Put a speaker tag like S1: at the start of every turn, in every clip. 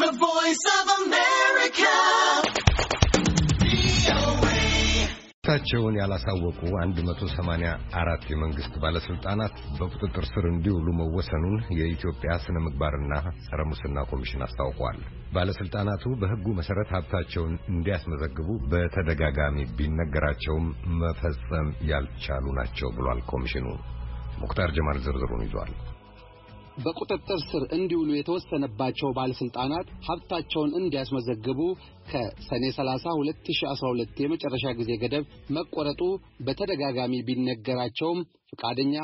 S1: The Voice of America. ታቸውን ያላሳወቁ 184 የመንግስት ባለስልጣናት በቁጥጥር ስር እንዲውሉ መወሰኑን የኢትዮጵያ ስነ ምግባርና ጸረ ሙስና ኮሚሽን አስታውቋል። ባለስልጣናቱ በሕጉ መሰረት ሀብታቸውን እንዲያስመዘግቡ በተደጋጋሚ ቢነገራቸውም መፈጸም ያልቻሉ ናቸው ብሏል ኮሚሽኑ። ሙክታር ጀማል ዝርዝሩን ይዟል። በቁጥጥር ስር እንዲውሉ የተወሰነባቸው ባለስልጣናት ሀብታቸውን እንዲያስመዘግቡ ከሰኔ 30 2012 የመጨረሻ ጊዜ ገደብ መቆረጡ በተደጋጋሚ ቢነገራቸውም ፈቃደኛ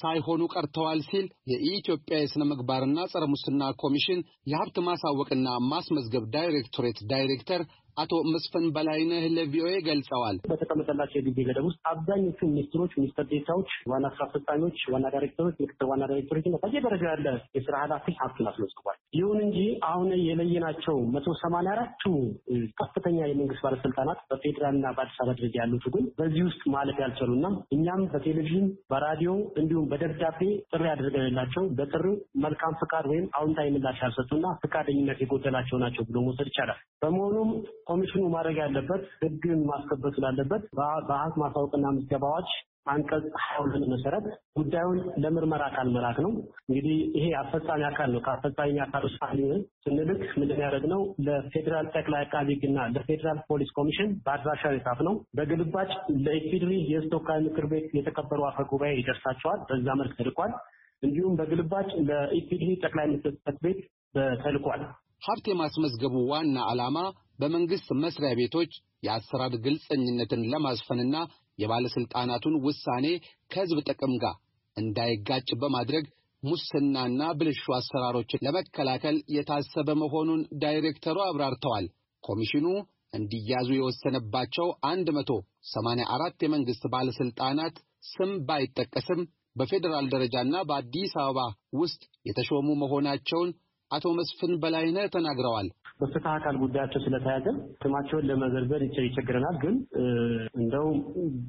S1: ሳይሆኑ ቀርተዋል ሲል የኢትዮጵያ የሥነ ምግባርና ጸረ ሙስና ኮሚሽን የሀብት ማሳወቅና ማስመዝገብ ዳይሬክቶሬት ዳይሬክተር አቶ መስፍን በላይነህ ለቪኦኤ ገልጸዋል።
S2: በተቀመጠላቸው የጊዜ ገደብ ውስጥ አብዛኞቹ ሚኒስትሮች፣ ሚኒስትር ዴታዎች፣ ዋና ስራ አስፈጻሚዎች፣ ዋና ዳይሬክተሮች፣ ምክትል ዋና ዳይሬክተሮች እና በየደረጃ ያለ የስራ ኃላፊ ሀብቱን አስመዝግቧል። ይሁን እንጂ አሁን የለየናቸው መቶ ሰማንያ አራቱ ከፍተኛ የመንግስት ባለስልጣናት በፌዴራልና በአዲስ አበባ ደረጃ ያሉት ግን በዚህ ውስጥ ማለፍ ና እኛም በቴሌቪዥን በራዲዮ እንዲሁም በደብዳቤ ጥሪ አድርገንላቸው በጥሪ መልካም ፍቃድ ወይም አዎንታዊ ምላሽ ያልሰጡና ፍቃደኝነት የጎደላቸው ናቸው ብሎ መውሰድ ይቻላል። በመሆኑም ኮሚሽኑ ማድረግ ያለበት ህግን ማስከበር ስላለበት በአት ማሳወቅና ምዝገባዎች አንቀጽ ሀያ መሰረት ጉዳዩን ለምርመራ አካል መላክ ነው። እንግዲህ ይሄ አስፈጻሚ አካል ነው። ከአስፈጻሚ አካል ውስጥ ስንልክ ምንድን ያደረግ ነው? ለፌዴራል ጠቅላይ አቃቢ ህግና ለፌዴራል ፖሊስ ኮሚሽን በአድራሻ የጻፍ ነው። በግልባጭ ለኢፌድሪ የሕዝብ ተወካዮች ምክር ቤት የተከበሩ አፈ ጉባኤ ይደርሳቸዋል። በዛ መልክ ተልኳል። እንዲሁም በግልባጭ ለኢፌድሪ ጠቅላይ ሚኒስትር ጽሕፈት ቤት ተልኳል።
S1: ሀብት የማስመዝገቡ ዋና ዓላማ በመንግሥት መስሪያ ቤቶች የአሰራር ግልጸኝነትን ለማስፈንና የባለሥልጣናቱን ውሳኔ ከሕዝብ ጥቅም ጋር እንዳይጋጭ በማድረግ ሙስናና ብልሹ አሰራሮችን ለመከላከል የታሰበ መሆኑን ዳይሬክተሩ አብራርተዋል። ኮሚሽኑ እንዲያዙ የወሰነባቸው 184 የመንግሥት ባለሥልጣናት ስም ባይጠቀስም በፌዴራል ደረጃና በአዲስ አበባ ውስጥ የተሾሙ መሆናቸውን አቶ መስፍን በላይነ
S2: ተናግረዋል። በፍትህ አካል ጉዳያቸው ስለተያዘ ስማቸውን ለመዘርዘር ይቸግረናል። ግን እንደው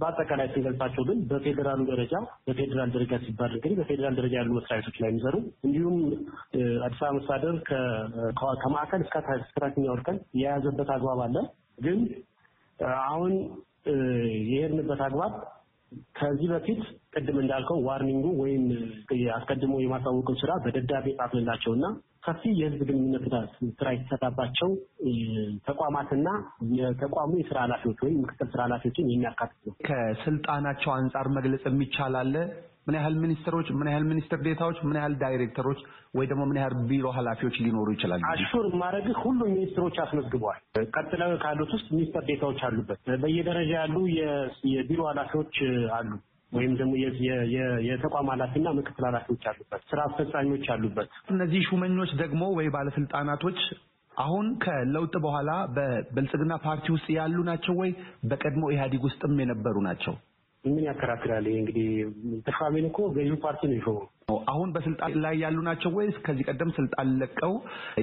S2: በአጠቃላይ ስንገልጻቸው ግን በፌዴራሉ ደረጃ በፌዴራል ደረጃ ሲባል እንግዲህ በፌዴራል ደረጃ ያሉ መስሪያ ቤቶች ላይ የሚሰሩ እንዲሁም አዲስ አበባ መስተዳደር ከማዕከል እስከ ሰራተኛ ወርቀን የያዘበት አግባብ አለ። ግን አሁን የሄድንበት አግባብ ከዚህ በፊት ቅድም እንዳልከው ዋርኒንጉ ወይም አስቀድሞ የማሳወቅን ስራ በደብዳቤ እና ሰፊ የህዝብ ግንኙነት ስራ የተሰራባቸው ተቋማትና የተቋሙ የስራ ኃላፊዎች ወይም ምክትል ስራ
S3: ኃላፊዎችን የሚያካትት ነው። ከስልጣናቸው አንጻር መግለጽ የሚቻላለ ምን ያህል ሚኒስትሮች፣ ምን ያህል ሚኒስትር ዴታዎች፣ ምን ያህል ዳይሬክተሮች ወይ ደግሞ ምን ያህል ቢሮ ኃላፊዎች ሊኖሩ ይችላል? አሹር
S2: ማድረግ ሁሉ ሚኒስትሮች አስመዝግበዋል። ቀጥለው ካሉት ውስጥ ሚኒስትር ዴታዎች አሉበት። በየደረጃ ያሉ የቢሮ ኃላፊዎች አሉ ወይም ደግሞ የተቋም ኃላፊና ምክትል ኃላፊዎች አሉበት፣ ስራ አስፈጻሚዎች አሉበት።
S3: እነዚህ ሹመኞች ደግሞ ወይ ባለስልጣናቶች አሁን ከለውጥ በኋላ በብልጽግና ፓርቲ ውስጥ ያሉ ናቸው ወይ በቀድሞ ኢህአዴግ ውስጥም የነበሩ ናቸው?
S2: ምን ያከራክራል? ይሄ እንግዲህ ተሿሚን እኮ ገዢው ፓርቲ ነው
S3: የሾመው። አሁን በስልጣን ላይ ያሉ ናቸው ወይስ ከዚህ ቀደም ስልጣን ለቀው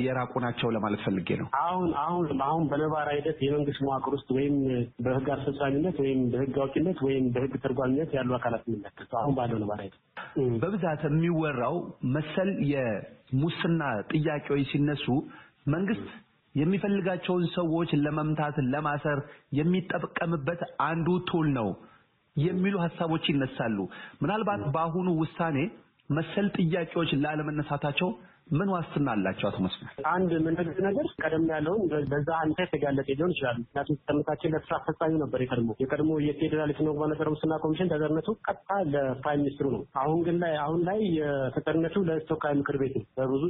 S3: የራቁ ናቸው ለማለት ፈልጌ ነው።
S2: አሁን አሁን አሁን በነባራዊ ሂደት የመንግስት መዋቅር ውስጥ ወይም በህግ አስፈጻሚነት ወይም በህግ አውጭነት ወይም በህግ ተርጓሚነት ያሉ አካላት የሚመለከቱ አሁን ባለው ነባራዊ
S3: ሂደት በብዛት የሚወራው መሰል የሙስና ጥያቄዎች ሲነሱ መንግስት የሚፈልጋቸውን ሰዎች ለመምታት፣ ለማሰር የሚጠቀምበት አንዱ ቱል ነው የሚሉ ሀሳቦች ይነሳሉ። ምናልባት በአሁኑ ውሳኔ መሰል ጥያቄዎች ላለመነሳታቸው ምን ዋስትና አላቸው? አቶ መስፍን፣
S2: አንድ ምንድ ነገር ቀደም ያለውን በዛ አንተ የተጋለጠ ሊሆን ይችላል። ምክንያቱም ተመታችን ለስራ አስፈጻሚ ነበር የቀድሞ የቀድሞ የፌዴራል የስነ ምግባርና ፀረ ሙስና ኮሚሽን ተጠሪነቱ ቀጥታ ለፕራይም ሚኒስትሩ ነው። አሁን ግን ላይ አሁን ላይ ተጠሪነቱ ለተወካይ ምክር ቤት ነው። በብዙ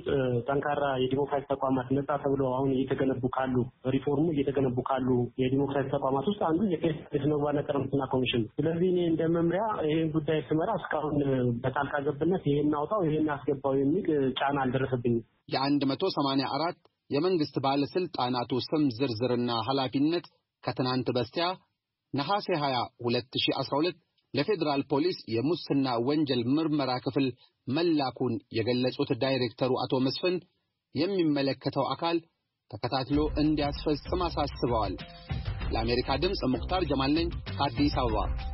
S2: ጠንካራ የዲሞክራሲ ተቋማት ነጻ ተብሎ አሁን እየተገነቡ ካሉ ሪፎርሙ እየተገነቡ ካሉ የዲሞክራሲ ተቋማት ውስጥ አንዱ የፌዴራል የስነ ምግባርና ፀረ ሙስና ኮሚሽን ነው። ስለዚህ እኔ እንደ መምሪያ ይህን ጉዳይ ስመራ እስካሁን በጣልቃ ገብነት ይሄን አውጣው ይሄን አስገባው የሚል ጫና አልደረሰ አይደርስብኝም። የአንድ መቶ ሰማንያ አራት
S1: የመንግሥት ባለሥልጣናቱ ስም ዝርዝርና ኃላፊነት ከትናንት በስቲያ ነሐሴ 20 2012 ለፌዴራል ፖሊስ የሙስና ወንጀል ምርመራ ክፍል መላኩን የገለጹት ዳይሬክተሩ አቶ መስፍን የሚመለከተው አካል ተከታትሎ እንዲያስፈጽም አሳስበዋል። ለአሜሪካ ድምፅ ሙክታር ጀማል ነኝ ከአዲስ አበባ